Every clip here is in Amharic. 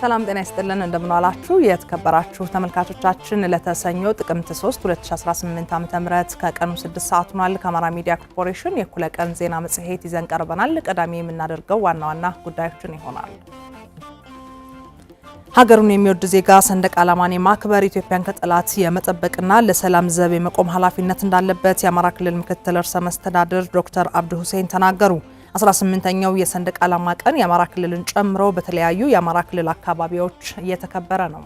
ሰላም ጤና ይስጥልን እንደምን የተከበራችሁ ተመልካቾቻችን ለተሰኞ ጥቅምት 3 2018 ዓ.ም ከቀኑ 6 ሰዓት ሆኗል ከአማራ ሚዲያ ኮርፖሬሽን የእኩለ ቀን ዜና መጽሔት ይዘን ቀርበናል ቀዳሚ የምናደርገው ዋና ዋና ጉዳዮችን ይሆናል ሀገሩን የሚወድ ዜጋ ሰንደቅ ዓላማን የማክበር ኢትዮጵያን ከጠላት የመጠበቅና ለሰላም ዘብ የመቆም ኃላፊነት እንዳለበት የአማራ ክልል ምክትል ርዕሰ መስተዳድር ዶክተር አብዱ ሁሴን ተናገሩ 18ኛው የሰንደቅ ዓላማ ቀን የአማራ ክልልን ጨምሮ በተለያዩ የአማራ ክልል አካባቢዎች እየተከበረ ነው።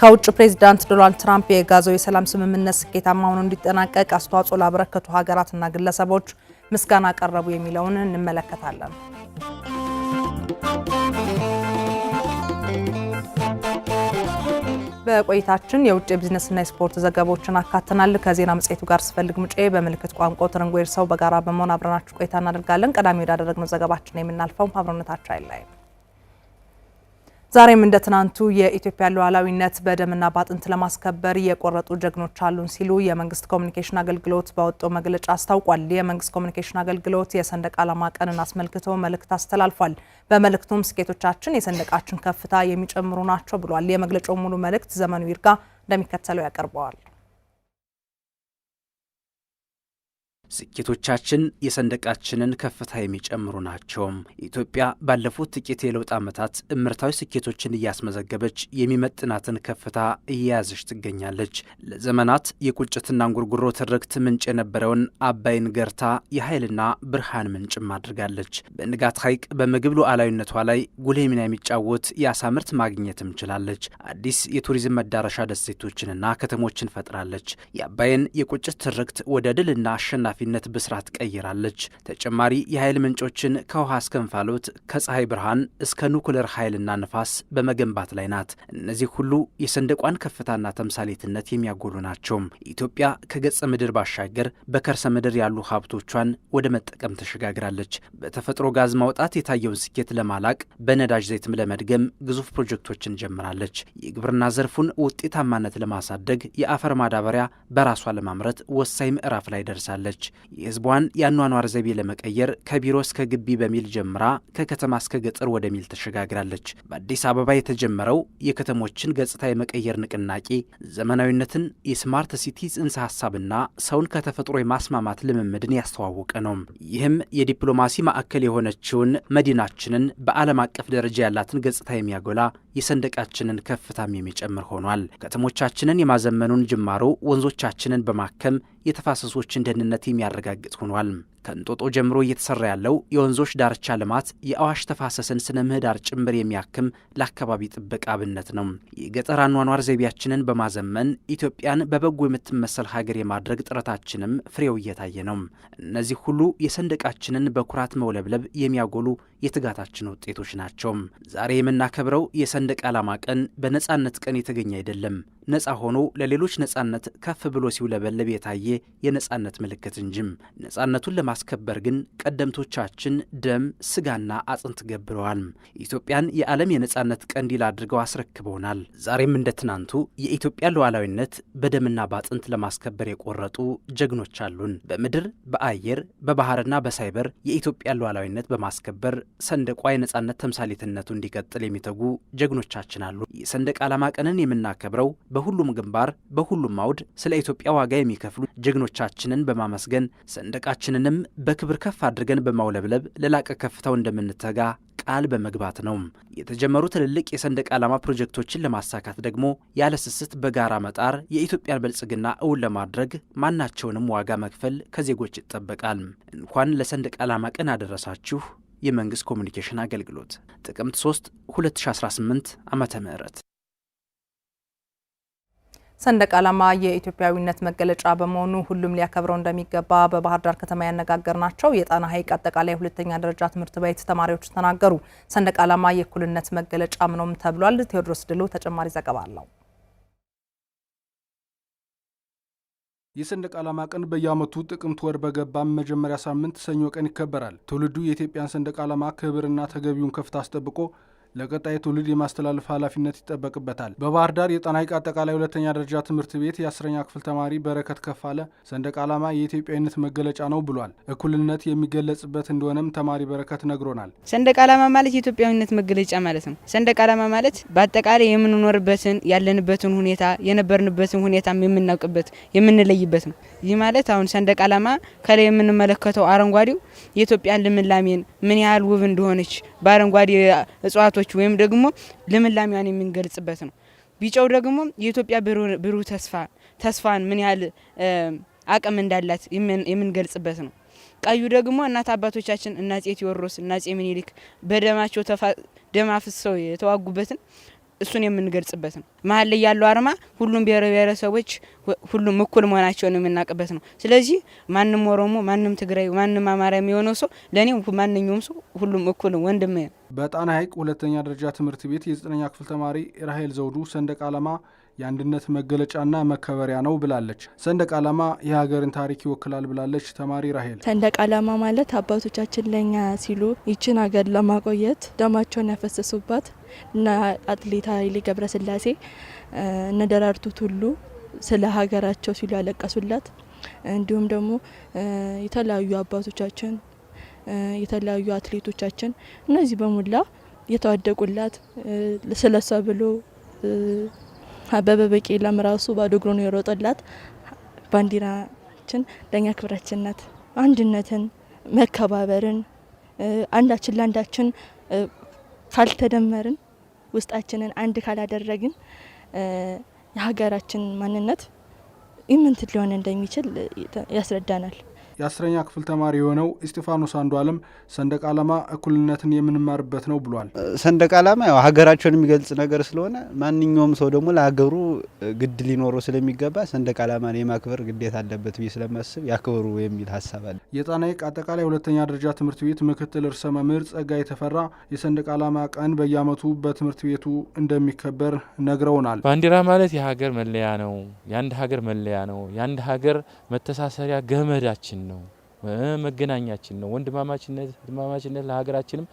ከውጭ ፕሬዚዳንት ዶናልድ ትራምፕ የጋዛው የሰላም ስምምነት ስኬታማ ሆኖ እንዲጠናቀቅ አስተዋጽኦ ላበረከቱ ሀገራትና ግለሰቦች ምስጋና ቀረቡ የሚለውን እንመለከታለን። በቆይታችን የውጭ ቢዝነስና የስፖርት ዘገባዎችን አካተናል። ከዜና መጽሔቱ ጋር ስፈልግ ሙጬ በምልክት ቋንቋ ትርንጎ ሰው በጋራ በመሆን አብረናችሁ ቆይታ እናደርጋለን። ቀዳሚ ወዳደረግነው ዘገባችን የምናልፈው አብረነታቸው ላይ ዛሬም እንደ ትናንቱ የኢትዮጵያ ሉዓላዊነት በደምና በአጥንት ለማስከበር የቆረጡ ጀግኖች አሉን ሲሉ የመንግስት ኮሚኒኬሽን አገልግሎት ባወጣው መግለጫ አስታውቋል። የመንግስት ኮሚኒኬሽን አገልግሎት የሰንደቅ ዓላማ ቀንን አስመልክቶ መልእክት አስተላልፏል። በመልእክቱም ስኬቶቻችን የሰንደቃችን ከፍታ የሚጨምሩ ናቸው ብሏል። የመግለጫው ሙሉ መልእክት ዘመኑ ይርጋ እንደሚከተለው ያቀርበዋል። ስኬቶቻችን የሰንደቃችንን ከፍታ የሚጨምሩ ናቸው። ኢትዮጵያ ባለፉት ጥቂት የለውጥ ዓመታት እምርታዊ ስኬቶችን እያስመዘገበች የሚመጥናትን ከፍታ እየያዘች ትገኛለች። ለዘመናት የቁጭትና እንጉርጉሮ ትርክት ምንጭ የነበረውን አባይን ገርታ የኃይልና ብርሃን ምንጭም አድርጋለች። በንጋት ሐይቅ በምግብ ሉዓላዊነቷ ላይ ጉልህ ሚና የሚጫወት የአሳ ምርት ማግኘትም ችላለች። አዲስ የቱሪዝም መዳረሻ ደሴቶችንና ከተሞችን ፈጥራለች። የአባይን የቁጭት ትርክት ወደ ድልና አሸናፊ ኃላፊነት ብስራት ቀይራለች። ተጨማሪ የኃይል ምንጮችን ከውሃ እስከ እንፋሎት፣ ከፀሐይ ብርሃን እስከ ኑክለር ኃይልና ንፋስ በመገንባት ላይ ናት። እነዚህ ሁሉ የሰንደቋን ከፍታና ተምሳሌትነት የሚያጎሉ ናቸው። ኢትዮጵያ ከገጸ ምድር ባሻገር በከርሰ ምድር ያሉ ሀብቶቿን ወደ መጠቀም ተሸጋግራለች። በተፈጥሮ ጋዝ ማውጣት የታየውን ስኬት ለማላቅ በነዳጅ ዘይትም ለመድገም ግዙፍ ፕሮጀክቶችን ጀምራለች። የግብርና ዘርፉን ውጤታማነት ለማሳደግ የአፈር ማዳበሪያ በራሷ ለማምረት ወሳኝ ምዕራፍ ላይ ደርሳለች። የህዝቧን የአኗኗር ዘይቤ ለመቀየር ከቢሮ እስከ ግቢ በሚል ጀምራ ከከተማ እስከ ገጠር ወደሚል ተሸጋግራለች። በአዲስ አበባ የተጀመረው የከተሞችን ገጽታ የመቀየር ንቅናቄ ዘመናዊነትን፣ የስማርት ሲቲ ጽንሰ ሀሳብና ሰውን ከተፈጥሮ የማስማማት ልምምድን ያስተዋወቀ ነው። ይህም የዲፕሎማሲ ማዕከል የሆነችውን መዲናችንን በዓለም አቀፍ ደረጃ ያላትን ገጽታ የሚያጎላ የሰንደቃችንን ከፍታም የሚጨምር ሆኗል። ከተሞቻችንን የማዘመኑን ጅማሮ ወንዞቻችንን በማከም የተፋሰሶችን ደህንነት የሚያረጋግጥ ሆኗል። ከእንጦጦ ጀምሮ እየተሰራ ያለው የወንዞች ዳርቻ ልማት የአዋሽ ተፋሰስን ስነ ምህዳር ጭምር የሚያክም ለአካባቢ ጥበቃ አብነት ነው። የገጠር አኗኗር ዘይቤያችንን በማዘመን ኢትዮጵያን በበጎ የምትመሰል ሀገር የማድረግ ጥረታችንም ፍሬው እየታየ ነው። እነዚህ ሁሉ የሰንደቃችንን በኩራት መውለብለብ የሚያጎሉ የትጋታችን ውጤቶች ናቸው። ዛሬ የምናከብረው የሰንደቅ ዓላማ ቀን በነፃነት ቀን የተገኘ አይደለም። ነፃ ሆኖ ለሌሎች ነፃነት ከፍ ብሎ ሲውለበለብ የታየ የነፃነት ምልክት እንጂም ነፃነቱን ለማ ለማስከበር ግን ቀደምቶቻችን ደም፣ ስጋና አጥንት ገብረዋል። ኢትዮጵያን የዓለም የነጻነት ቀንዲል አድርገው አስረክበውናል። ዛሬም እንደ ትናንቱ የኢትዮጵያ ሉዓላዊነት በደምና በአጥንት ለማስከበር የቆረጡ ጀግኖች አሉን። በምድር በአየር በባህርና በሳይበር የኢትዮጵያ ሉዓላዊነት በማስከበር ሰንደቋ የነጻነት ተምሳሌትነቱ እንዲቀጥል የሚተጉ ጀግኖቻችን አሉ። የሰንደቅ ዓላማ ቀንን የምናከብረው በሁሉም ግንባር በሁሉም አውድ ስለ ኢትዮጵያ ዋጋ የሚከፍሉ ጀግኖቻችንን በማመስገን ሰንደቃችንንም በክብር ከፍ አድርገን በማውለብለብ ለላቀ ከፍታው እንደምንተጋ ቃል በመግባት ነው። የተጀመሩ ትልልቅ የሰንደቅ ዓላማ ፕሮጀክቶችን ለማሳካት ደግሞ ያለ ስስት በጋራ መጣር የኢትዮጵያን ብልጽግና እውን ለማድረግ ማናቸውንም ዋጋ መክፈል ከዜጎች ይጠበቃል። እንኳን ለሰንደቅ ዓላማ ቀን አደረሳችሁ። የመንግሥት ኮሚኒኬሽን አገልግሎት ጥቅምት 3 2018 ዓ ም ሰንደቅ ዓላማ የኢትዮጵያዊነት መገለጫ በመሆኑ ሁሉም ሊያከብረው እንደሚገባ በባህር ዳር ከተማ ያነጋገር ናቸው የጣና ሐይቅ አጠቃላይ ሁለተኛ ደረጃ ትምህርት ቤት ተማሪዎች ተናገሩ። ሰንደቅ ዓላማ የእኩልነት መገለጫ ምኖም ተብሏል። ቴዎድሮስ ድሎ ተጨማሪ ዘገባ አለው። የሰንደቅ ዓላማ ቀን በየዓመቱ ጥቅምት ወር በገባም መጀመሪያ ሳምንት ሰኞ ቀን ይከበራል። ትውልዱ የኢትዮጵያን ሰንደቅ ዓላማ ክብርና ተገቢውን ከፍታ አስጠብቆ ለቀጣይ ትውልድ የማስተላለፍ ኃላፊነት ይጠበቅበታል። በባህር ዳር የጣና ሐይቅ አጠቃላይ ሁለተኛ ደረጃ ትምህርት ቤት የአስረኛ ክፍል ተማሪ በረከት ከፋለ ሰንደቅ ዓላማ የኢትዮጵያዊነት መገለጫ ነው ብሏል። እኩልነት የሚገለጽበት እንደሆነም ተማሪ በረከት ነግሮናል። ሰንደቅ ዓላማ ማለት የኢትዮጵያዊነት መገለጫ ማለት ነው። ሰንደቅ ዓላማ ማለት በአጠቃላይ የምንኖርበትን ያለንበትን ሁኔታ የነበርንበትን ሁኔታ የምናውቅበት የምንለይበት ነው። ይህ ማለት አሁን ሰንደቅ ዓላማ ከላይ የምንመለከተው አረንጓዴው የኢትዮጵያን ልምላሜን ምን ያህል ውብ እንደሆነች በአረንጓዴ እጽዋቶች ምልክቶች ወይም ደግሞ ልምላሚያን የምንገልጽበት ነው። ቢጫው ደግሞ የኢትዮጵያ ብሩህ ተስፋ ተስፋን ምን ያህል አቅም እንዳላት የምንገልጽበት ነው። ቀዩ ደግሞ እናት አባቶቻችን እና አፄ ቴዎድሮስ እና አፄ ምኒልክ በደማቸው ደም አፍሰው የተዋጉበትን እሱን የምንገልጽበት ነው። መሀል ላይ ያለው አርማ ሁሉም ብሔረ ብሔረሰቦች ሁሉም እኩል መሆናቸውን የምናውቅበት ነው። ስለዚህ ማንም ኦሮሞ፣ ማንም ትግራይ፣ ማንም አማራ የሚሆነው ሰው ለእኔ ማንኛውም ሰው ሁሉም እኩል ወንድም። በጣና ሐይቅ ሁለተኛ ደረጃ ትምህርት ቤት የዘጠነኛ ክፍል ተማሪ ራሄል ዘውዱ ሰንደቅ ዓላማ የአንድነት መገለጫና መከበሪያ ነው ብላለች። ሰንደቅ ዓላማ የሀገርን ታሪክ ይወክላል ብላለች ተማሪ ራሄል። ሰንደቅ ዓላማ ማለት አባቶቻችን ለኛ ሲሉ ይችን ሀገር ለማቆየት ደማቸውን ያፈሰሱባት እና አትሌት ኃይሌ ገብረስላሴ እነ ደራርቱ ቱሉ ስለ ሀገራቸው ሲሉ ያለቀሱላት እንዲሁም ደግሞ የተለያዩ አባቶቻችን የተለያዩ አትሌቶቻችን እነዚህ በሙላ የተዋደቁላት ስለሷ ብሎ አበበ ቢቂላም ራሱ ባዶ እግሩን የሮጠላት ባንዲራችን ለእኛ ክብራችን ናት። አንድነትን፣ መከባበርን አንዳችን ለአንዳችን ካልተደመርን ውስጣችንን አንድ ካላደረግን የሀገራችን ማንነት ኢምንት ሊሆን እንደሚችል ያስረዳናል። የአስረኛ ክፍል ተማሪ የሆነው ኢስጢፋኖስ አንዱ አለም ሰንደቅ ዓላማ እኩልነትን የምንማርበት ነው ብሏል። ሰንደቅ ዓላማ ያው ሀገራቸውን የሚገልጽ ነገር ስለሆነ ማንኛውም ሰው ደግሞ ለሀገሩ ግድ ሊኖረው ስለሚገባ ሰንደቅ ዓላማን የማክበር ግዴታ አለበት ብዬ ስለማስብ ያክብሩ የሚል ሀሳብ አለ። የጣና ሐይቅ አጠቃላይ ሁለተኛ ደረጃ ትምህርት ቤት ምክትል ርዕሰ መምህር ጸጋ የተፈራ የሰንደቅ ዓላማ ቀን በየዓመቱ በትምህርት ቤቱ እንደሚከበር ነግረውናል። ባንዲራ ማለት የሀገር መለያ ነው። የአንድ ሀገር መለያ ነው። የአንድ ሀገር መተሳሰሪያ ገመዳችን ነው፣ መገናኛችን ነው። ወንድማማችነት ለሀገራችንም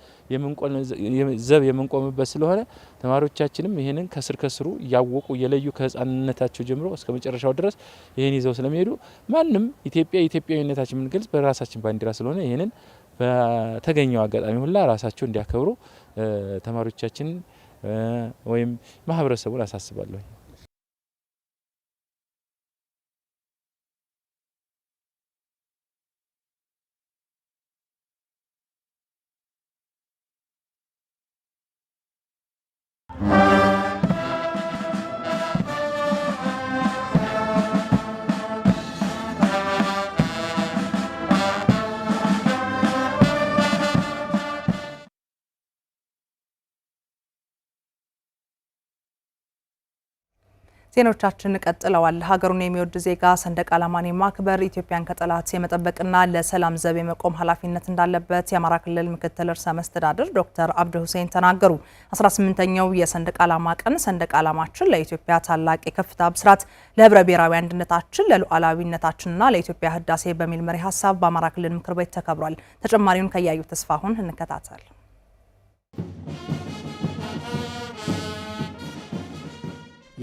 ዘብ የምንቆምበት ስለሆነ ተማሪዎቻችንም ይህንን ከስር ከስሩ እያወቁ እየለዩ ከህፃንነታቸው ጀምሮ እስከ መጨረሻው ድረስ ይህን ይዘው ስለሚሄዱ ማንም ኢትዮጵያ ኢትዮጵያዊነታችን የምንገልጽ በራሳችን ባንዲራ ስለሆነ ይህንን በተገኘው አጋጣሚ ሁላ ራሳቸው እንዲያከብሩ ተማሪዎቻችን ወይም ማህበረሰቡን አሳስባለሁ። ዜናዎቻችን ቀጥለዋል። ሀገሩን የሚወድ ዜጋ ሰንደቅ ዓላማን የማክበር ኢትዮጵያን ከጠላት የመጠበቅና ለሰላም ዘብ የመቆም ኃላፊነት እንዳለበት የአማራ ክልል ምክትል ርዕሰ መስተዳድር ዶክተር አብዱ ሁሴን ተናገሩ። 18ኛው የሰንደቅ ዓላማ ቀን ሰንደቅ ዓላማችን ለኢትዮጵያ ታላቅ የከፍታ ብስራት፣ ለህብረ ብሔራዊ አንድነታችን፣ ለሉዓላዊነታችንና ለኢትዮጵያ ህዳሴ በሚል መሪ ሀሳብ በአማራ ክልል ምክር ቤት ተከብሯል። ተጨማሪውን ከያዩ ተስፋሁን እንከታተል።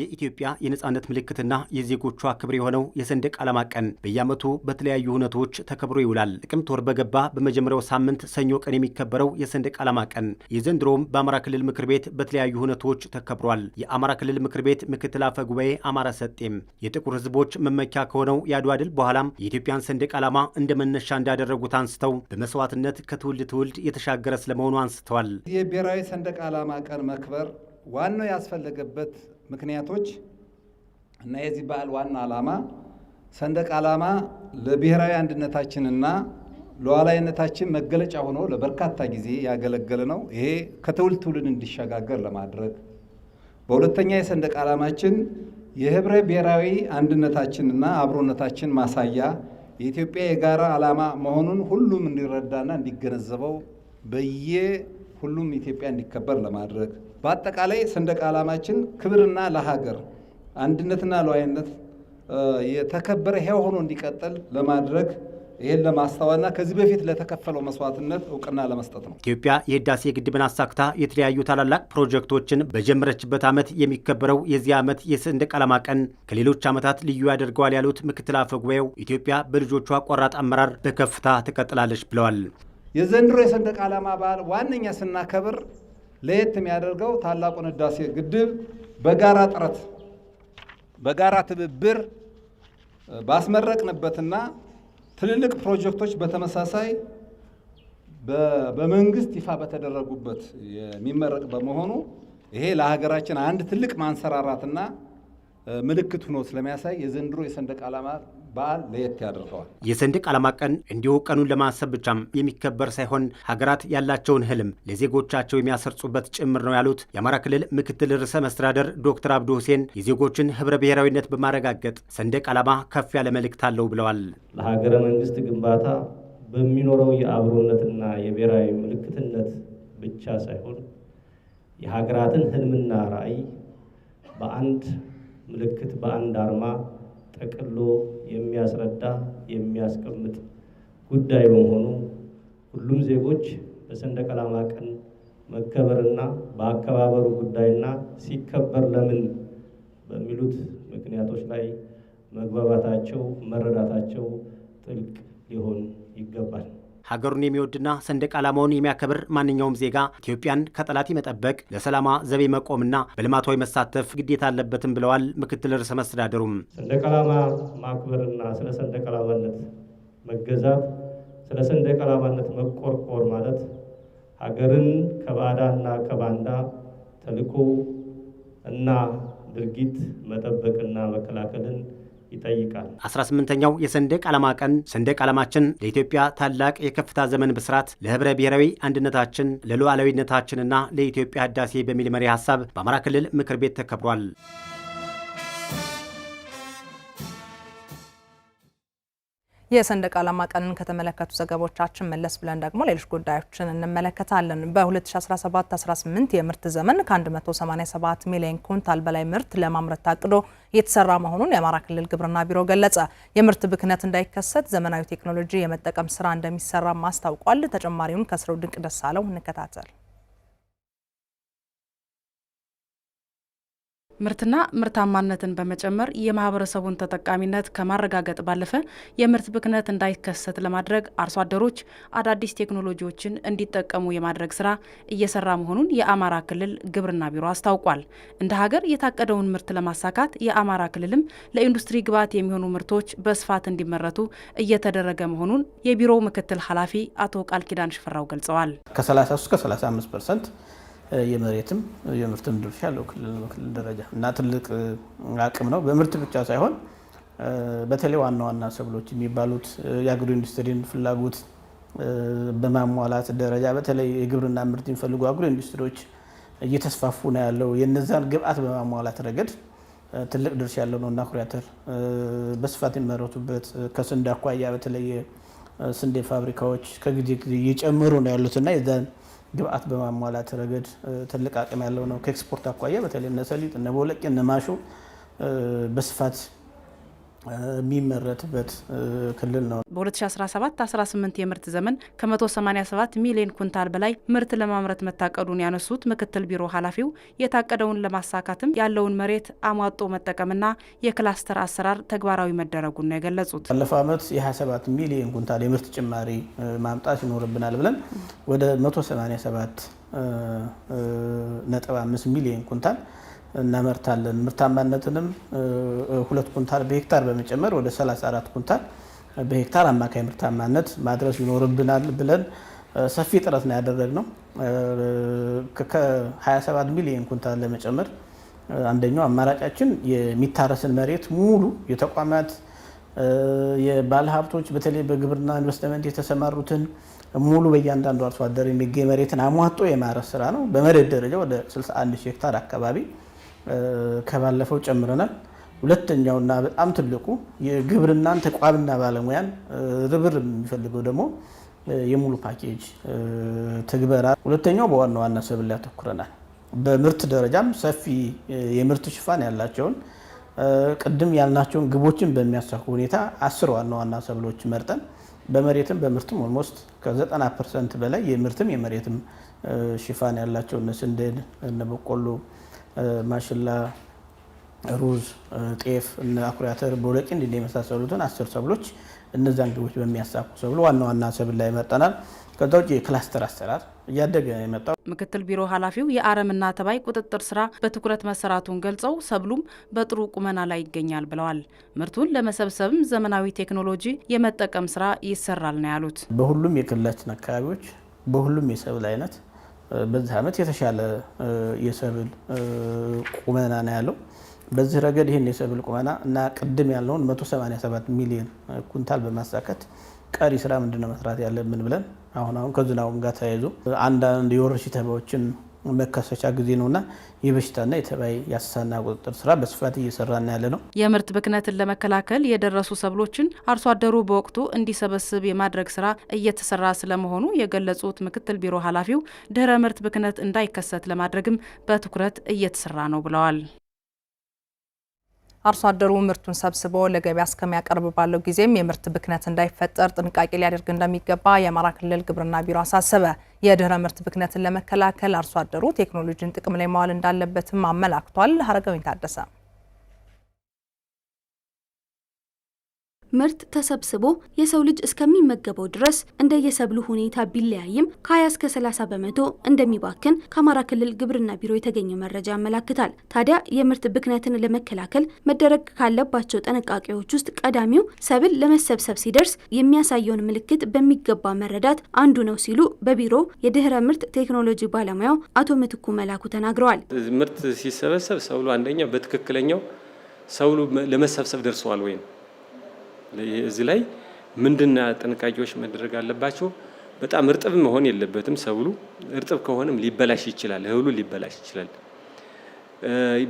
የኢትዮጵያ የነጻነት ምልክትና የዜጎቿ ክብር የሆነው የሰንደቅ ዓላማ ቀን በየዓመቱ በተለያዩ ሁነቶች ተከብሮ ይውላል። ጥቅምት ወር በገባ በመጀመሪያው ሳምንት ሰኞ ቀን የሚከበረው የሰንደቅ ዓላማ ቀን የዘንድሮውም በአማራ ክልል ምክር ቤት በተለያዩ ሁነቶች ተከብሯል። የአማራ ክልል ምክር ቤት ምክትል አፈ ጉባኤ አማራ ሰጤም የጥቁር ሕዝቦች መመኪያ ከሆነው የአድዋ ድል በኋላም የኢትዮጵያን ሰንደቅ ዓላማ እንደ መነሻ እንዳደረጉት አንስተው በመስዋዕትነት ከትውልድ ትውልድ የተሻገረ ስለመሆኑ አንስተዋል። የብሔራዊ ሰንደቅ ዓላማ ቀን መክበር ዋናው ያስፈለገበት ምክንያቶች እና የዚህ በዓል ዋና ዓላማ ሰንደቅ ዓላማ ለብሔራዊ አንድነታችንና ሉዓላዊነታችን መገለጫ ሆኖ ለበርካታ ጊዜ ያገለገለ ነው። ይሄ ከትውልድ ትውልድ እንዲሸጋገር ለማድረግ በሁለተኛ የሰንደቅ ዓላማችን የህብረ ብሔራዊ አንድነታችንና አብሮነታችን ማሳያ የኢትዮጵያ የጋራ ዓላማ መሆኑን ሁሉም እንዲረዳና እንዲገነዘበው በየ ሁሉም ኢትዮጵያ እንዲከበር ለማድረግ በአጠቃላይ ሰንደቅ ዓላማችን ክብርና ለሀገር አንድነትና ለዋይነት የተከበረ ሕያው ሆኖ እንዲቀጥል ለማድረግ ይህን ለማስተዋልና ከዚህ በፊት ለተከፈለው መስዋዕትነት እውቅና ለመስጠት ነው። ኢትዮጵያ የህዳሴ ግድብን አሳክታ የተለያዩ ታላላቅ ፕሮጀክቶችን በጀመረችበት ዓመት የሚከበረው የዚህ ዓመት የሰንደቅ ዓላማ ቀን ከሌሎች ዓመታት ልዩ ያደርገዋል ያሉት ምክትል አፈ ጉባኤው ኢትዮጵያ በልጆቿ ቆራጥ አመራር በከፍታ ትቀጥላለች ብለዋል። የዘንድሮ የሰንደቅ ዓላማ በዓል ዋነኛ ስናከብር ለየት የሚያደርገው ታላቁን ህዳሴ ግድብ በጋራ ጥረት በጋራ ትብብር ባስመረቅንበትና ትልልቅ ፕሮጀክቶች በተመሳሳይ በመንግስት ይፋ በተደረጉበት የሚመረቅ በመሆኑ ይሄ ለሀገራችን አንድ ትልቅ ማንሰራራትና ምልክት ሆኖ ስለሚያሳይ የዘንድሮ የሰንደቅ ዓላማ በዓል ለየት ያደርገዋል። የሰንደቅ ዓላማ ቀን እንዲሁ ቀኑን ለማሰብ ብቻም የሚከበር ሳይሆን ሀገራት ያላቸውን ህልም ለዜጎቻቸው የሚያሰርጹበት ጭምር ነው ያሉት የአማራ ክልል ምክትል ርዕሰ መስተዳደር ዶክተር አብዱ ሁሴን የዜጎችን ህብረ ብሔራዊነት በማረጋገጥ ሰንደቅ ዓላማ ከፍ ያለ መልእክት አለው ብለዋል። ለሀገረ መንግስት ግንባታ በሚኖረው የአብሮነትና የብሔራዊ ምልክትነት ብቻ ሳይሆን የሀገራትን ህልምና ራዕይ በአንድ ምልክት በአንድ አርማ ጠቅሎ የሚያስረዳ የሚያስቀምጥ ጉዳይ በመሆኑ ሁሉም ዜጎች በሰንደቅ ዓላማ ቀን መከበርና በአከባበሩ ጉዳይና ሲከበር ለምን በሚሉት ምክንያቶች ላይ መግባባታቸው፣ መረዳታቸው ጥልቅ ሊሆን ይገባል። ሀገሩን የሚወድና ሰንደቅ ዓላማውን የሚያከብር ማንኛውም ዜጋ ኢትዮጵያን ከጠላት መጠበቅ ለሰላማ ዘቤ መቆምና በልማታዊ መሳተፍ ግዴታ አለበትም ብለዋል ምክትል ርዕሰ መስተዳደሩም። ሰንደቅ ዓላማ ማክበርና ስለ ሰንደቅ ዓላማነት መገዛት፣ ስለ ሰንደቅ ዓላማነት መቆርቆር ማለት ሀገርን ከባዳና ከባንዳ ተልዕኮ እና ድርጊት መጠበቅና መከላከልን ይጠይቃል። 18ኛው የሰንደቅ ዓላማ ቀን ሰንደቅ ዓላማችን ለኢትዮጵያ ታላቅ የከፍታ ዘመን ብስራት ለህብረ ብሔራዊ አንድነታችን ለሉዓላዊነታችንና ለኢትዮጵያ ህዳሴ በሚል መሪ ሀሳብ በአማራ ክልል ምክር ቤት ተከብሯል። የሰንደቅ ዓላማ ቀንን ከተመለከቱ ዘገቦቻችን መለስ ብለን ደግሞ ሌሎች ጉዳዮችን እንመለከታለን። በ2017/18 የምርት ዘመን ከ187 ሚሊዮን ኩንታል በላይ ምርት ለማምረት ታቅዶ የተሰራ መሆኑን የአማራ ክልል ግብርና ቢሮ ገለጸ። የምርት ብክነት እንዳይከሰት ዘመናዊ ቴክኖሎጂ የመጠቀም ስራ እንደሚሰራ ማስታውቋል ተጨማሪውን ከስረው ድንቅ ደሳለው እንከታተል። ምርትና ምርታማነትን በመጨመር የማህበረሰቡን ተጠቃሚነት ከማረጋገጥ ባለፈ የምርት ብክነት እንዳይከሰት ለማድረግ አርሶ አደሮች አዳዲስ ቴክኖሎጂዎችን እንዲጠቀሙ የማድረግ ስራ እየሰራ መሆኑን የአማራ ክልል ግብርና ቢሮ አስታውቋል። እንደ ሀገር የታቀደውን ምርት ለማሳካት የአማራ ክልልም ለኢንዱስትሪ ግብዓት የሚሆኑ ምርቶች በስፋት እንዲመረቱ እየተደረገ መሆኑን የቢሮው ምክትል ኃላፊ አቶ ቃል ኪዳን ሽፈራው ገልጸዋል። ከ33 እስከ 35 የመሬትም የምርትም ድርሻ ያለው ክልል በክልል ደረጃ እና ትልቅ አቅም ነው። በምርት ብቻ ሳይሆን በተለይ ዋና ዋና ሰብሎች የሚባሉት የአግሮ ኢንዱስትሪን ፍላጎት በማሟላት ደረጃ በተለይ የግብርና ምርት የሚፈልጉ አግሮ ኢንዱስትሪዎች እየተስፋፉ ነው ያለው። የነዛን ግብአት በማሟላት ረገድ ትልቅ ድርሻ ያለው ነው እና ኩሪ አተር በስፋት የሚመረቱበት ከስንዴ አኳያ በተለየ ስንዴ ፋብሪካዎች ከጊዜ ጊዜ እየጨመሩ ነው ያሉት እና የዛን ግብአት በማሟላት ረገድ ትልቅ አቅም ያለው ነው። ከኤክስፖርት አኳያ በተለይ እነ ሰሊጥ፣ እነ ቦለቄ፣ እነ ማሾ በስፋት የሚመረትበት ክልል ነው። በ2017/18 የምርት ዘመን ከ187 ሚሊዮን ኩንታል በላይ ምርት ለማምረት መታቀዱን ያነሱት ምክትል ቢሮ ኃላፊው የታቀደውን ለማሳካትም ያለውን መሬት አሟጦ መጠቀምና የክላስተር አሰራር ተግባራዊ መደረጉን ነው የገለጹት። ባለፈው ዓመት የ27 ሚሊዮን ኩንታል የምርት ጭማሪ ማምጣት ይኖርብናል ብለን ወደ 187 ነጥብ 5 ሚሊዮን ኩንታል እናመርታለን። ምርታማነትንም ሁለት ኩንታል በሄክታር በመጨመር ወደ 34 ኩንታል በሄክታር አማካይ ምርታማነት ማድረስ ይኖርብናል ብለን ሰፊ ጥረት ነው ያደረግነው። ከ27 ሚሊዮን ኩንታል ለመጨመር አንደኛው አማራጫችን የሚታረስን መሬት ሙሉ የተቋማት የባለሀብቶች በተለይ በግብርና ኢንቨስትመንት የተሰማሩትን ሙሉ በእያንዳንዱ አርሶ አደር የሚገኝ መሬትን አሟጦ የማረስ ስራ ነው። በመሬት ደረጃ ወደ 61 ሺህ ሄክታር አካባቢ ከባለፈው ጨምረናል። ሁለተኛውና በጣም ትልቁ የግብርናን ተቋምና ባለሙያን ርብር የሚፈልገው ደግሞ የሙሉ ፓኬጅ ትግበራ። ሁለተኛው በዋና ዋና ሰብል ላይ ያተኩረናል። በምርት ደረጃም ሰፊ የምርት ሽፋን ያላቸውን ቅድም ያልናቸውን ግቦችን በሚያሳኩ ሁኔታ አስር ዋና ዋና ሰብሎች መርጠን በመሬትም በምርትም ኦልሞስት ከ90 ፐርሰንት በላይ የምርትም የመሬትም ሽፋን ያላቸው እነ ስንዴን እነ በቆሎ ማሽላ፣ ሩዝ፣ ጤፍ፣ አኩሪ አተር፣ ቦለቄ እንዲ የመሳሰሉትን አስር ሰብሎች እነዛን ግቦች በሚያሳኩ ሰብሎ ዋና ዋና ሰብል ላይ መጠናል። ከዛ ውጭ የክላስተር አሰራር እያደገ የመጣው ምክትል ቢሮ ኃላፊው የአረምና ተባይ ቁጥጥር ስራ በትኩረት መሰራቱን ገልጸው ሰብሉም በጥሩ ቁመና ላይ ይገኛል ብለዋል። ምርቱን ለመሰብሰብም ዘመናዊ ቴክኖሎጂ የመጠቀም ስራ ይሰራል ነው ያሉት። በሁሉም የክልላችን አካባቢዎች በሁሉም የሰብል አይነት በዚህ ዓመት የተሻለ የሰብል ቁመና ነው ያለው። በዚህ ረገድ ይህን የሰብል ቁመና እና ቅድም ያለውን 187 ሚሊዮን ኩንታል በማሳካት ቀሪ ስራ ምንድነው መስራት ያለብን ብለን አሁን አሁን ከዝናውም ጋር ተያይዞ አንዳንድ የወረርሽኝ ተባዮችን መከሰቻ ጊዜ ነውና የበሽታና የተባይ የአስሳና ቁጥጥር ስራ በስፋት እየሰራና ያለ ነው። የምርት ብክነትን ለመከላከል የደረሱ ሰብሎችን አርሶ አደሩ በወቅቱ እንዲሰበስብ የማድረግ ስራ እየተሰራ ስለመሆኑ የገለጹት ምክትል ቢሮ ኃላፊው ድህረ ምርት ብክነት እንዳይከሰት ለማድረግም በትኩረት እየተሰራ ነው ብለዋል። አርሶ አደሩ ምርቱን ሰብስቦ ለገበያ እስከሚያቀርብ ባለው ጊዜም የምርት ብክነት እንዳይፈጠር ጥንቃቄ ሊያደርግ እንደሚገባ የአማራ ክልል ግብርና ቢሮ አሳሰበ። የድህረ ምርት ብክነትን ለመከላከል አርሶ አደሩ ቴክኖሎጂን ጥቅም ላይ መዋል እንዳለበትም አመላክቷል። ሀረገዊን ታደሰ ምርት ተሰብስቦ የሰው ልጅ እስከሚመገበው ድረስ እንደየሰብሉ ሁኔታ ቢለያይም ከ20 እስከ 30 በመቶ እንደሚባክን ከአማራ ክልል ግብርና ቢሮ የተገኘ መረጃ ያመላክታል። ታዲያ የምርት ብክነትን ለመከላከል መደረግ ካለባቸው ጥንቃቄዎች ውስጥ ቀዳሚው ሰብል ለመሰብሰብ ሲደርስ የሚያሳየውን ምልክት በሚገባ መረዳት አንዱ ነው ሲሉ በቢሮው የድህረ ምርት ቴክኖሎጂ ባለሙያው አቶ ምትኩ መላኩ ተናግረዋል። ምርት ሲሰበሰብ ሰብሉ አንደኛ በትክክለኛው ሰብሉ ለመሰብሰብ ደርሰዋል ወይም እዚህ ላይ ምንድና ጥንቃቄዎች መደረግ አለባቸው? በጣም እርጥብ መሆን የለበትም ሰብሉ። እርጥብ ከሆነም ሊበላሽ ይችላል፣ እህሉ ሊበላሽ ይችላል።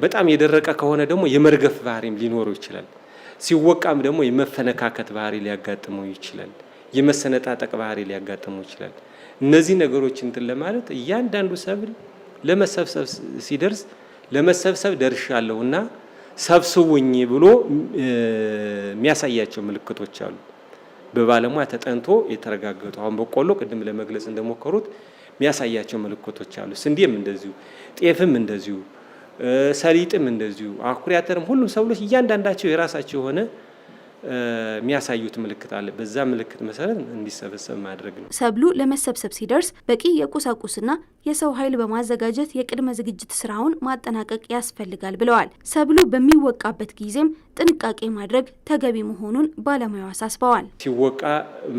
በጣም የደረቀ ከሆነ ደግሞ የመርገፍ ባህሪም ሊኖረው ይችላል። ሲወቃም ደግሞ የመፈነካከት ባህሪ ሊያጋጥመው ይችላል። የመሰነጣጠቅ ባህሪ ሊያጋጥመው ይችላል። እነዚህ ነገሮች እንትን ለማለት እያንዳንዱ ሰብል ለመሰብሰብ ሲደርስ ለመሰብሰብ ደርሻለሁና ሰብስቡኝ ብሎ የሚያሳያቸው ምልክቶች አሉ። በባለሙያ ተጠንቶ የተረጋገጡ አሁን በቆሎ ቅድም ለመግለጽ እንደሞከሩት የሚያሳያቸው ምልክቶች አሉ። ስንዴም እንደዚሁ፣ ጤፍም እንደዚሁ፣ ሰሊጥም እንደዚሁ፣ አኩሪ አተርም ሁሉም ሰብሎች እያንዳንዳቸው የራሳቸው የሆነ የሚያሳዩት ምልክት አለ። በዛ ምልክት መሰረት እንዲሰበሰብ ማድረግ ነው። ሰብሉ ለመሰብሰብ ሲደርስ በቂ የቁሳቁስና የሰው ኃይል በማዘጋጀት የቅድመ ዝግጅት ስራውን ማጠናቀቅ ያስፈልጋል ብለዋል። ሰብሉ በሚወቃበት ጊዜም ጥንቃቄ ማድረግ ተገቢ መሆኑን ባለሙያው አሳስበዋል። ሲወቃ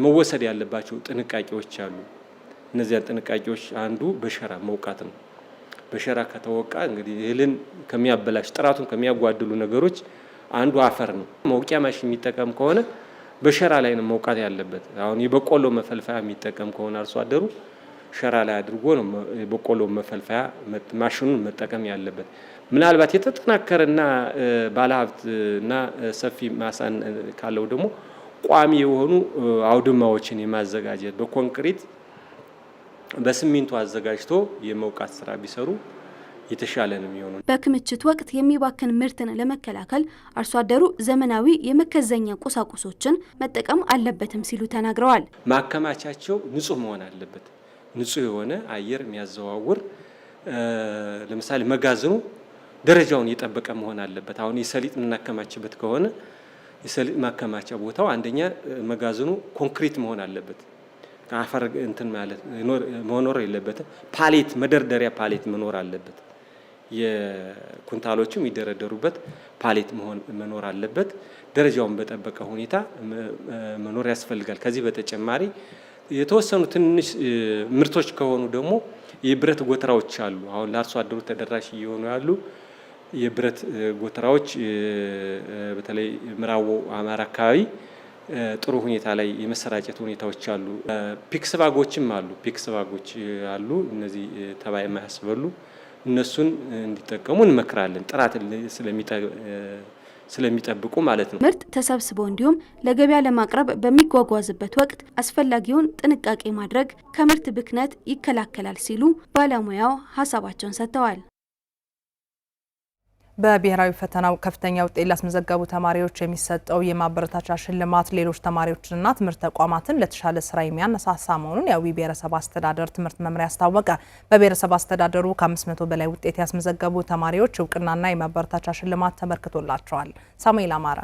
መወሰድ ያለባቸው ጥንቃቄዎች አሉ። እነዚያ ጥንቃቄዎች አንዱ በሸራ መውቃት ነው። በሸራ ከተወቃ እንግዲህ እህልን ከሚያበላሽ ጥራቱን ከሚያጓድሉ ነገሮች አንዱ አፈር ነው። መውቂያ ማሽን የሚጠቀም ከሆነ በሸራ ላይ ነው መውቃት ያለበት። አሁን የበቆሎ መፈልፈያ የሚጠቀም ከሆነ አርሶ አደሩ ሸራ ላይ አድርጎ ነው የበቆሎ መፈልፈያ ማሽኑን መጠቀም ያለበት። ምናልባት የተጠናከረና ባለሀብትና ሰፊ ማሳን ካለው ደግሞ ቋሚ የሆኑ አውድማዎችን የማዘጋጀት በኮንክሪት በሲሚንቶ አዘጋጅቶ የመውቃት ስራ ቢሰሩ የተሻለ ነው የሚሆኑ። በክምችት ወቅት የሚባክን ምርትን ለመከላከል አርሶ አደሩ ዘመናዊ የመከዘኛ ቁሳቁሶችን መጠቀም አለበትም ሲሉ ተናግረዋል። ማከማቻቸው ንጹህ መሆን አለበት። ንጹህ የሆነ አየር የሚያዘዋውር ለምሳሌ መጋዘኑ ደረጃውን የጠበቀ መሆን አለበት። አሁን የሰሊጥ የምናከማችበት ከሆነ የሰሊጥ ማከማቻ ቦታው አንደኛ መጋዘኑ ኮንክሪት መሆን አለበት። አፈር እንትን ማለት መኖር የለበትም። ፓሌት መደርደሪያ ፓሌት መኖር አለበት። የኩንታሎችም የሚደረደሩበት ፓሌት መሆን መኖር አለበት። ደረጃውን በጠበቀ ሁኔታ መኖር ያስፈልጋል። ከዚህ በተጨማሪ የተወሰኑ ትንሽ ምርቶች ከሆኑ ደግሞ የብረት ጎተራዎች አሉ። አሁን ለአርሶ አደሩ ተደራሽ እየሆኑ ያሉ የብረት ጎተራዎች በተለይ ምራቦ አማራ አካባቢ ጥሩ ሁኔታ ላይ የመሰራጨት ሁኔታዎች አሉ። ፒክስ ባጎችም አሉ። ፒክስ ባጎች አሉ። እነዚህ ተባይ የማያስበሉ እነሱን እንዲጠቀሙ እንመክራለን። ጥራት ስለሚጠብቁ ማለት ነው። ምርት ተሰብስቦ እንዲሁም ለገበያ ለማቅረብ በሚጓጓዝበት ወቅት አስፈላጊውን ጥንቃቄ ማድረግ ከምርት ብክነት ይከላከላል ሲሉ ባለሙያው ሀሳባቸውን ሰጥተዋል። በብሔራዊ ፈተናው ከፍተኛ ውጤት ላስመዘገቡ ተማሪዎች የሚሰጠው የማበረታቻ ሽልማት ሌሎች ተማሪዎችንና ትምህርት ተቋማትን ለተሻለ ስራ የሚያነሳሳ መሆኑን የአዊ ብሔረሰብ አስተዳደር ትምህርት መምሪያ አስታወቀ። በብሔረሰብ አስተዳደሩ ከ500 በላይ ውጤት ያስመዘገቡ ተማሪዎች እውቅናና የማበረታቻ ሽልማት ተበርክቶላቸዋል። ሳሙኤል አማረ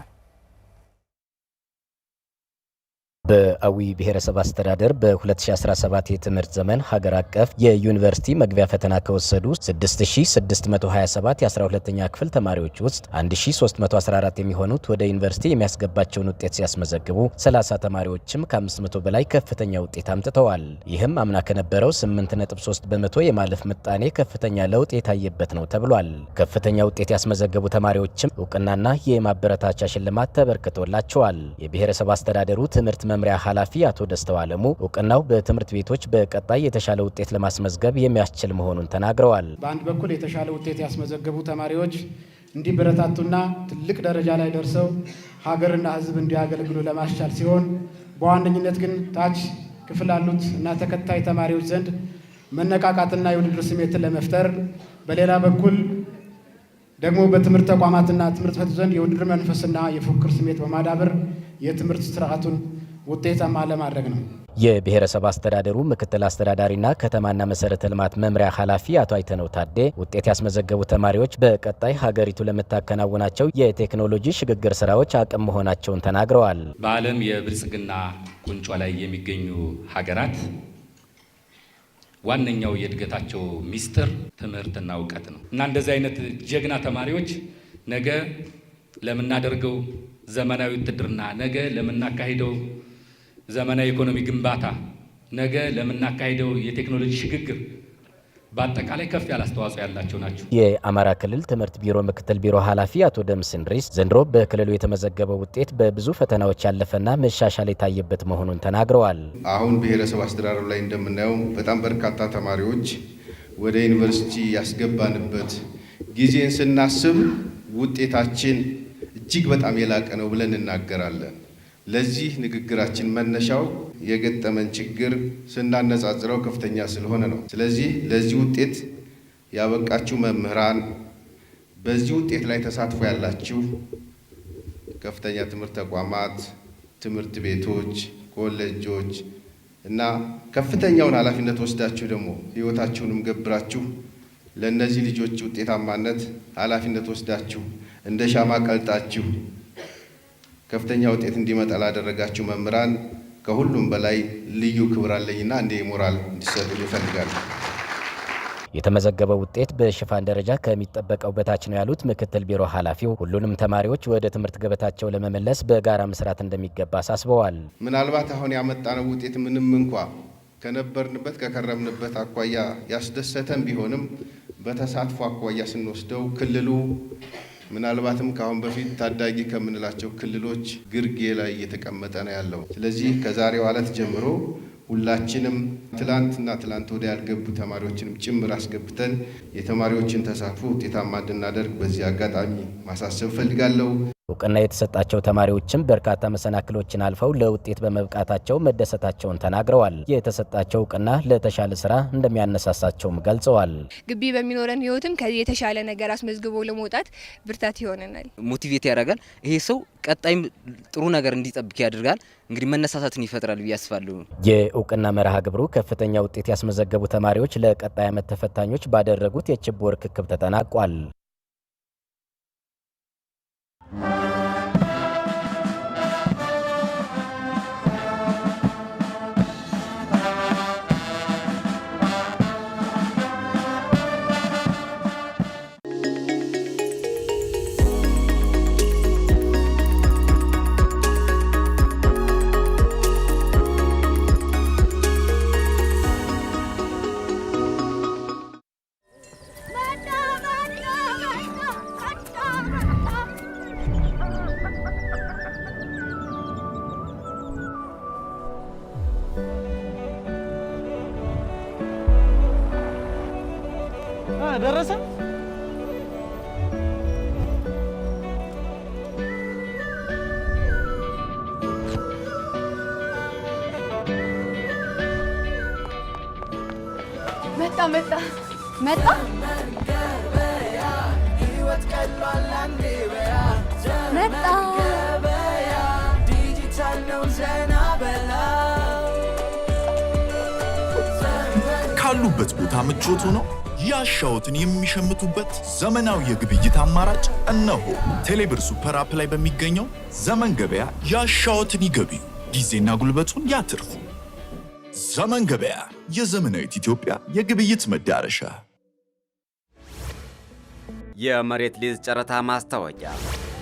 በአዊ ብሔረሰብ አስተዳደር በ2017 የትምህርት ዘመን ሀገር አቀፍ የዩኒቨርሲቲ መግቢያ ፈተና ከወሰዱ 6627 የ12ኛ ክፍል ተማሪዎች ውስጥ 1314 የሚሆኑት ወደ ዩኒቨርሲቲ የሚያስገባቸውን ውጤት ሲያስመዘግቡ 30 ተማሪዎችም ከ500 በላይ ከፍተኛ ውጤት አምጥተዋል። ይህም አምና ከነበረው 8.3 በመቶ የማለፍ ምጣኔ ከፍተኛ ለውጥ የታየበት ነው ተብሏል። ከፍተኛ ውጤት ያስመዘገቡ ተማሪዎችም እውቅናና የማበረታቻ ሽልማት ተበርክቶላቸዋል። የብሔረሰብ አስተዳደሩ ትምህርት መምሪያ ኃላፊ አቶ ደስተው አለሙ እውቅናው በትምህርት ቤቶች በቀጣይ የተሻለ ውጤት ለማስመዝገብ የሚያስችል መሆኑን ተናግረዋል። በአንድ በኩል የተሻለ ውጤት ያስመዘገቡ ተማሪዎች እንዲበረታቱና ትልቅ ደረጃ ላይ ደርሰው ሀገርና ሕዝብ እንዲያገለግሉ ለማስቻል ሲሆን በዋነኝነት ግን ታች ክፍል ላሉት እና ተከታይ ተማሪዎች ዘንድ መነቃቃትና የውድድር ስሜትን ለመፍጠር በሌላ በኩል ደግሞ በትምህርት ተቋማትና ትምህርት ቤቱ ዘንድ የውድድር መንፈስና የፉክክር ስሜት በማዳበር የትምህርት ስርዓቱን ውጤታማ ለማድረግ ነው። የብሔረሰብ አስተዳደሩ ምክትል አስተዳዳሪና ከተማና መሰረተ ልማት መምሪያ ኃላፊ አቶ አይተነው ታዴ ውጤት ያስመዘገቡ ተማሪዎች በቀጣይ ሀገሪቱ ለምታከናውናቸው የቴክኖሎጂ ሽግግር ስራዎች አቅም መሆናቸውን ተናግረዋል። በዓለም የብልጽግና ቁንጮ ላይ የሚገኙ ሀገራት ዋነኛው የእድገታቸው ሚስጥር ትምህርትና እውቀት ነው እና እንደዚህ አይነት ጀግና ተማሪዎች ነገ ለምናደርገው ዘመናዊ ውትድርና ነገ ለምናካሄደው። ዘመናዊ ኢኮኖሚ ግንባታ፣ ነገ ለምናካሄደው የቴክኖሎጂ ሽግግር በአጠቃላይ ከፍ ያለ አስተዋጽኦ ያላቸው ናቸው። የአማራ ክልል ትምህርት ቢሮ ምክትል ቢሮ ኃላፊ አቶ ደምስ እንድሪስ ዘንድሮ በክልሉ የተመዘገበው ውጤት በብዙ ፈተናዎች ያለፈና መሻሻል የታየበት መሆኑን ተናግረዋል። አሁን ብሔረሰብ አስተዳደሩ ላይ እንደምናየው በጣም በርካታ ተማሪዎች ወደ ዩኒቨርሲቲ ያስገባንበት ጊዜን ስናስብ ውጤታችን እጅግ በጣም የላቀ ነው ብለን እናገራለን። ለዚህ ንግግራችን መነሻው የገጠመን ችግር ስናነጻጽረው ከፍተኛ ስለሆነ ነው። ስለዚህ ለዚህ ውጤት ያበቃችሁ መምህራን፣ በዚህ ውጤት ላይ ተሳትፎ ያላችሁ ከፍተኛ ትምህርት ተቋማት፣ ትምህርት ቤቶች፣ ኮሌጆች እና ከፍተኛውን ኃላፊነት ወስዳችሁ ደግሞ ህይወታችሁንም ገብራችሁ ለእነዚህ ልጆች ውጤታማነት ኃላፊነት ወስዳችሁ እንደ ሻማ ቀልጣችሁ ከፍተኛ ውጤት እንዲመጣ ላደረጋችሁ መምህራን ከሁሉም በላይ ልዩ ክብር አለኝና እንደ ሞራል እንዲሰጡ ይፈልጋል። የተመዘገበው ውጤት በሽፋን ደረጃ ከሚጠበቀው በታች ነው ያሉት ምክትል ቢሮ ኃላፊው ሁሉንም ተማሪዎች ወደ ትምህርት ገበታቸው ለመመለስ በጋራ መስራት እንደሚገባ አሳስበዋል። ምናልባት አሁን ያመጣነው ውጤት ምንም እንኳ ከነበርንበት ከከረምንበት አኳያ ያስደሰተን ቢሆንም በተሳትፎ አኳያ ስንወስደው ክልሉ ምናልባትም ከአሁን በፊት ታዳጊ ከምንላቸው ክልሎች ግርጌ ላይ እየተቀመጠ ነው ያለው። ስለዚህ ከዛሬው ዕለት ጀምሮ ሁላችንም ትላንትና ትላንት ወደ ያልገቡ ተማሪዎችንም ጭምር አስገብተን የተማሪዎችን ተሳትፎ ውጤታማ እንድናደርግ በዚህ አጋጣሚ ማሳሰብ እፈልጋለሁ። እውቅና የተሰጣቸው ተማሪዎችም በርካታ መሰናክሎችን አልፈው ለውጤት በመብቃታቸው መደሰታቸውን ተናግረዋል። የተሰጣቸው እውቅና ለተሻለ ስራ እንደሚያነሳሳቸውም ገልጸዋል። ግቢ በሚኖረን ህይወትም ከዚህ የተሻለ ነገር አስመዝግቦ ለመውጣት ብርታት ይሆነናል፣ ሞቲቬት ያደርጋል። ይሄ ሰው ቀጣይም ጥሩ ነገር እንዲጠብቅ ያደርጋል። እንግዲህ መነሳሳትን ይፈጥራል ብዬ አስባለሁ። የእውቅና መርሃ ግብሩ ከፍተኛ ውጤት ያስመዘገቡ ተማሪዎች ለቀጣይ ዓመት ተፈታኞች ባደረጉት የችቦ ርክክብ ተጠናቋል። ዲጂታል ነው ዘና ካሉበት ቦታ ምቾት ነው። ያሻዎትን የሚሸምቱበት ዘመናዊ የግብይት አማራጭ እነሆ። ቴሌብር ሱፐር አፕ ላይ በሚገኘው ዘመን ገበያ ያሻውትን ይገቢ ጊዜና ጉልበቱን ያትርፉ። ዘመን ገበያ የዘመናዊት ኢትዮጵያ የግብይት መዳረሻ። የመሬት ሊዝ ጨረታ ማስታወቂያ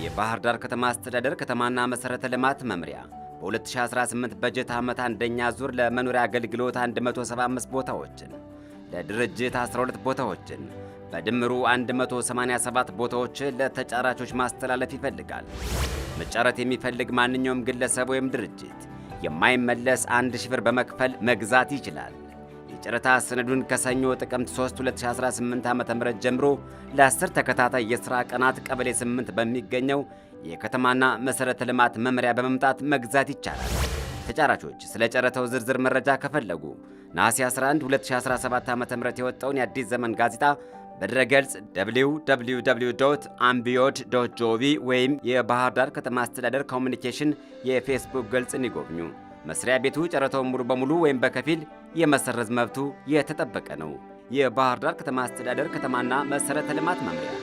የባህር ዳር ከተማ አስተዳደር ከተማና መሠረተ ልማት መምሪያ በ2018 በጀት ዓመት አንደኛ ዙር ለመኖሪያ አገልግሎት 175 ቦታዎችን ለድርጅት 12 ቦታዎችን በድምሩ 187 ቦታዎች ለተጫራቾች ማስተላለፍ ይፈልጋል። መጫረት የሚፈልግ ማንኛውም ግለሰብ ወይም ድርጅት የማይመለስ አንድ ሺህ ብር በመክፈል መግዛት ይችላል። ጨረታ ሰነዱን ከሰኞ ጥቅምት 3 2018 ዓ.ም ጀምሮ ለ10 ተከታታይ የሥራ ቀናት ቀበሌ 8 በሚገኘው የከተማና መሠረተ ልማት መምሪያ በመምጣት መግዛት ይቻላል። ተጫራቾች ስለ ጨረታው ዝርዝር መረጃ ከፈለጉ ነሐሴ 11 2017 ዓ.ም የወጣውን የአዲስ ዘመን ጋዜጣ በድረገጽ www.ambiod.gov ወይም የባህር ዳር ከተማ አስተዳደር ኮሚኒኬሽን የፌስቡክ ገጽን ይጎብኙ። መስሪያ ቤቱ ጨረታውን ሙሉ በሙሉ ወይም በከፊል የመሰረዝ መብቱ የተጠበቀ ነው። የባህር ዳር ከተማ አስተዳደር ከተማና መሰረተ ልማት መምሪያ